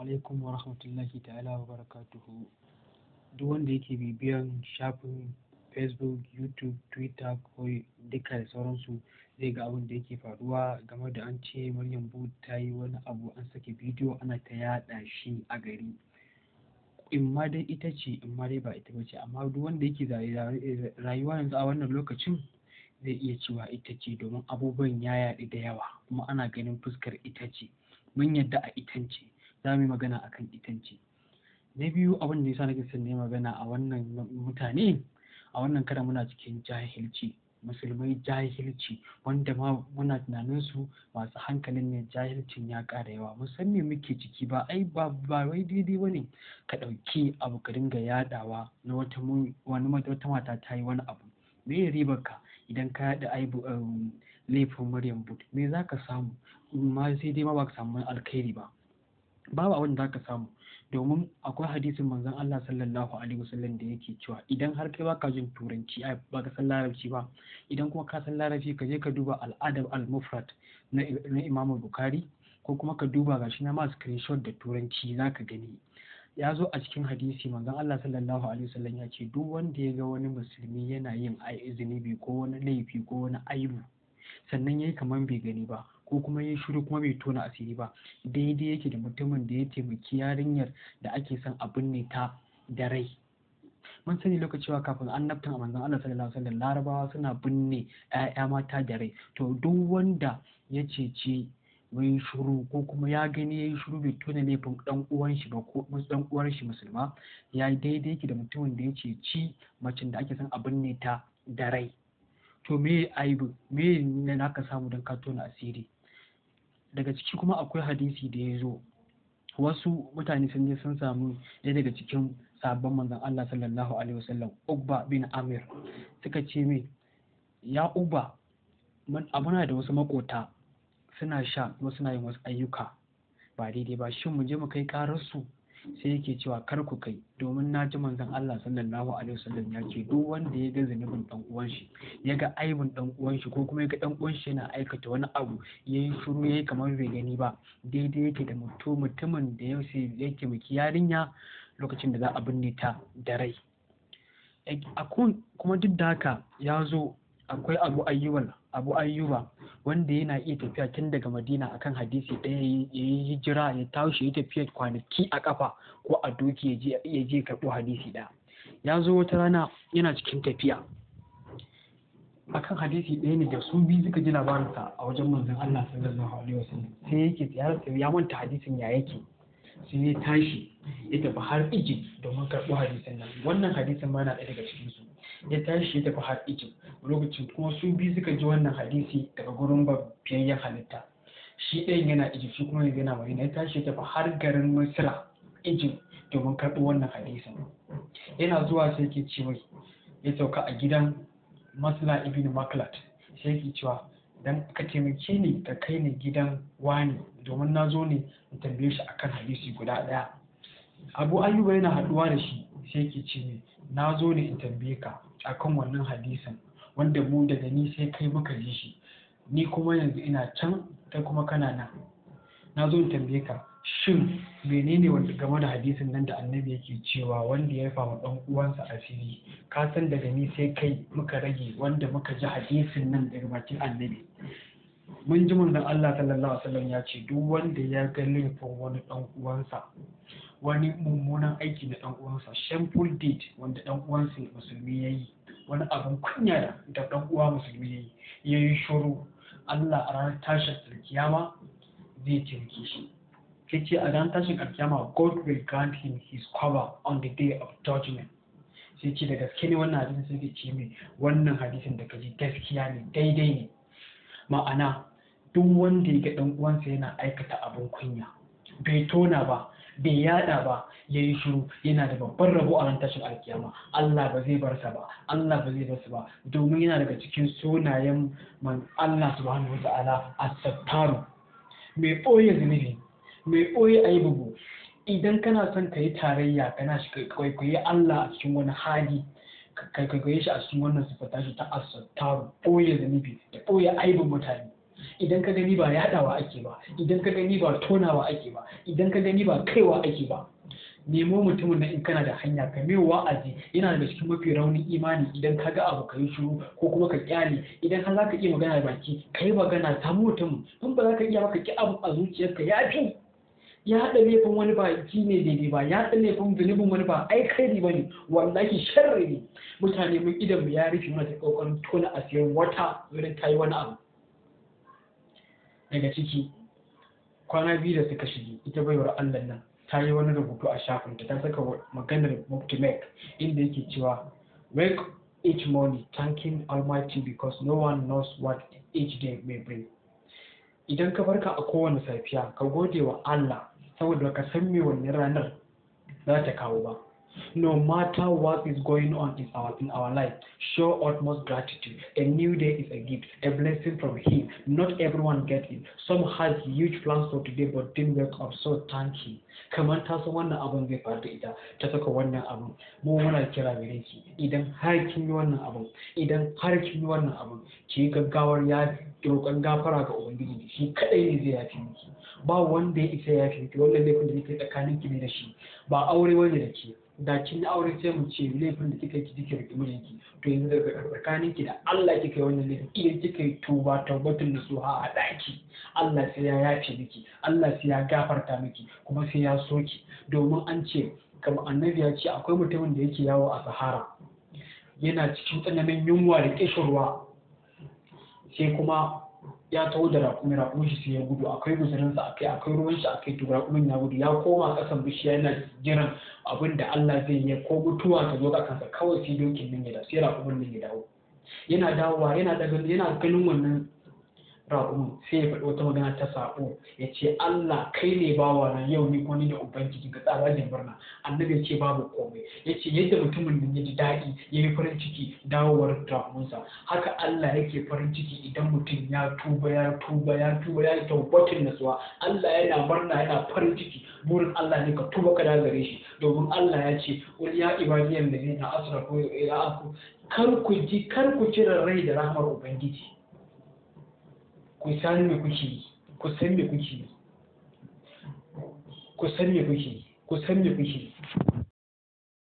alaikum wa rahmatullahi ta'ala wa barakatuhu duk wanda yake bibiyan shafin facebook youtube twitter ko duka da sauransu zai ga abin da yake faruwa game da an ce maryam bud ta yi wani abu an sake bidiyo ana ta yada shi a gari in ma dai ita ce in ma dai ba ita ba ce amma duk wanda yake rayuwa yanzu a wannan lokacin zai iya cewa ita ce domin abubuwan ya yaɗu da yawa kuma ana ganin fuskar ita ce mun yadda a itance ce za mu yi magana akan itanci na biyu abin da yasa nake son yi magana a wannan mutane a wannan kada muna cikin jahilci musulmai jahilci wanda ma muna tunanin su masu hankalin ne jahilcin ya ƙara yawa me muke ciki ba ai ba ba wai daidai bane ka ɗauki abu ka dinga yaɗawa na wata mata ta yi wani abu me ya ribar ka idan ka yaɗa aibu um, laifin Maryam Bud me za ka samu ma sai dai ma ba ka samu alkhairi ba babu abin da zaka samu domin akwai hadisin manzon Allah sallallahu alaihi wasallam da yake cewa idan har kai baka jin turanci ai baka san larabci ba idan kuma ka san larabci ka je ka duba al'adab al-mufrad na Imam Bukhari ko kuma ka duba gashi na ma screenshot da turanci zaka gani ya zo a cikin hadisi manzon Allah sallallahu alaihi wasallam ya ce duk wanda ya ga wani musulmi yana yin zunubi ko wani laifi ko wani aibu sannan ya yi kamar bai gani ba ko kuma ya yi shiru kuma bai tona asiri ba daidai yake da mutumin da ya taimaki yarinyar da ake son a binne ta da rai mun sani lokacin kafin annabtan a manzan Allah sallallahu alaihi wasallam larabawa suna binne ƴaƴa mata da rai to duk wanda ya ce wai shiru ko kuma ya gani yayi shiru bai tona laifin dan uwan shi ba ko dan uwar shi musulma ya daidai yake da mutumin da ya ci macen da ake son a binne ta da rai to me aibu me ne naka samu don ka tona asiri daga ciki kuma akwai hadisi da ya zo wasu mutane sun je sun samu ɗaya daga cikin sabon manzon Allah sallallahu alaihi wasallam Uba bin Amir suka ce me ya Uba muna da wasu makota suna sha kuma suna yin wasu ayyuka ba daidai ba shin mu je mu kai karar su sai yake cewa kar ku kai domin na ji manzon Allah sallallahu alaihi wasallam ya ce duk wanda ya ga zunubin dan uwan shi ya ga aibin dan uwan shi ko kuma ya ga dan uwan shi yana aikata wani abu yayi shiru yayi kamar bai gani ba daidai yake da mutum mutumin da ya sai yake miki yarinya lokacin da za a binne ta da rai kuma duk da haka ya zo akwai abu ayyuba abu ayyuba wanda yana iya tafiya tun daga madina akan hadisi ɗaya ya yi hijira ya tashi ya tafiya kwanaki a ƙafa ko a doki ya je karɓo hadisi ɗaya ya zo wata rana yana cikin tafiya akan hadisi ɗaya ne da su biyu suka ji labarinsa a wajen manzon Allah sallallahu alaihi wasallam sai yake tsayar ya manta hadisin ya yake sai ya tashi ya tafi har Egypt domin karɓo hadisin nan wannan hadisin ma na ɗaya daga cikin su ya tashi ya tafi har Egypt lokacin kuma su biyu suka ji wannan hadisi daga gurin babbiyan halitta shi ɗayan yana Egypt shi kuma yana Madina ya tashi ya tafi har garin Misra Egypt domin karɓi wannan hadisin yana zuwa sai ke cewa ya sauka a gidan Masla ibn Maklat sai ke cewa dan ka taimake ni ka kai ni gidan wani domin na zo ne in tambaye shi akan hadisi guda ɗaya abu ayyuba yana haɗuwa da shi sai ki ce na zo ne in tambaye ka a kan wannan hadisin wanda mu daga ni sai kai muka ji shi ni kuma yanzu ina can kai kuma kana nan na zo in tambaye ka shin menene wanda game da hadisin nan da annabi yake cewa wanda ya fama dan uwansa asiri ka san daga ni sai kai muka rage wanda muka ji hadisin nan daga bakin annabi mun ji manzon Allah sallallahu alaihi wasallam ya ce duk wanda ya ga laifin wani dan uwansa wani mummunan aiki na dan uwansa shameful deed wanda dan uwansa musulmi ya yi wani abin kunya da dan uwa musulmi ya yi ya yi shuru Allah a ranar tashin alkiyama zai taimake shi yace a ranar tashin alkiyama God will grant him his cover on the day of judgment sai ce da gaske ne wannan hadisin sai ce mai wannan hadisin da kaji gaskiya ne daidai ne ma'ana duk wanda ya ga dan uwansa yana aikata abin kunya bai tona ba bai yada ba ya yi shiru yana da babban rabo a ran tashin alkiyama Allah ba zai bar sa ba Allah ba zai bar sa ba domin yana daga cikin sunayen man Allah subhanahu wataala as-sattaru mai ɓoye zunubi mai ɓoye idan kana son ka yi tarayya kana shi kwaikwayi Allah a cikin wani hali ka kwaikwaye shi a cikin wannan sifata shi ta as-sattaru ɓoye zunubi da ɓoye mutane idan ka gani ba yadawa ake ba idan ka gani ba tonawa ake ba idan ka gani ba kaiwa ake ba nemo mutumin na in kana da hanya ka mai wa'azi yana daga cikin mafi raunin imani idan ka ga abu ka yi shiru ko kuma ka kyale idan har ka iya magana da baki ka yi magana samu mutum in ba za ka iya ba ka ki abu a zuciyarka ya fi ya haɗa laifin wani ba ki ne daidai ba ya haɗa laifin zunubin wani ba ai kai ba ne wallahi sharri ne mutane mun idan ya rufe mana ta kokarin tona asirin wata wurin ta yi wani abu daga ciki kwana biyu da suka shige ita baiwar allah nan ta yi wani rubutu a shafin ta saka maganar muktimek inda yake cewa wake each morning thanking almighty because no one knows what each day may bring idan ka barka a kowane safiya ka gode wa allah saboda ka san me wannan ranar za ta kawo ba no matter what is going on in our in our life, show utmost gratitude. A new day is a gift, a blessing from Him. Not everyone gets it. Some has huge plans for today but didn't up, so thank Him. Come ta tell someone about the party. da ita, one saka wannan abun. Mu muna kira gare ki idan har kin yi wannan abun, idan har kin yi wannan abun, ki yi gaggawar ya roƙon gafara ga Ubangiji shi kadai ne zai yafi miki. Ba wanda ya isa ya yafi miki, wannan laifin da yake da kin aure sai mu ce laifin da kika yi kike rike mijinki to yanzu daga tsakanin ki da Allah kika wannan laifin idan kika yi tuba tawbatul nasuha a daki Allah sai ya yafe miki Allah sai ya gafarta miki kuma sai ya soki domin an ce kamar annabi ya ce akwai mutumin da yake yawo a sahara yana cikin tsananin yunwa da kishin sai kuma ya taho da rakumi rakumin shi sai ya gudu akwai guzurinsa akai akwai ruwan shi akai to rakumin ya gudu ya koma kasan bishiya yana jiran abin da Allah zai yi ko mutuwa ta zo kansa kawai sai dokin nan ya dawo sai rakumin nan ya dawo yana dawowa yana daga yana ganin wannan raƙumin sai ya faɗi wata magana ta saƙo ya ce Allah kai ne bawa na yau ni wani da ubangiji ga tsabagen birna annabi ya ce babu komai ya ce yadda mutumin da ya ji daɗi ya yi farin ciki dawowar ra'unsa haka Allah yake farin ciki idan mutum ya tuba ya tuba ya tuba ya tabbatin nasuwa Allah yana murna yana farin ciki burin Allah ne ka tuba ka gare shi domin Allah ya ce wani ya ibadiyan da ne na asrafu ya aku kar ku ji kar ku cire rai da rahmar ubangiji ku san me kuke ku san me kuke ku san me kuke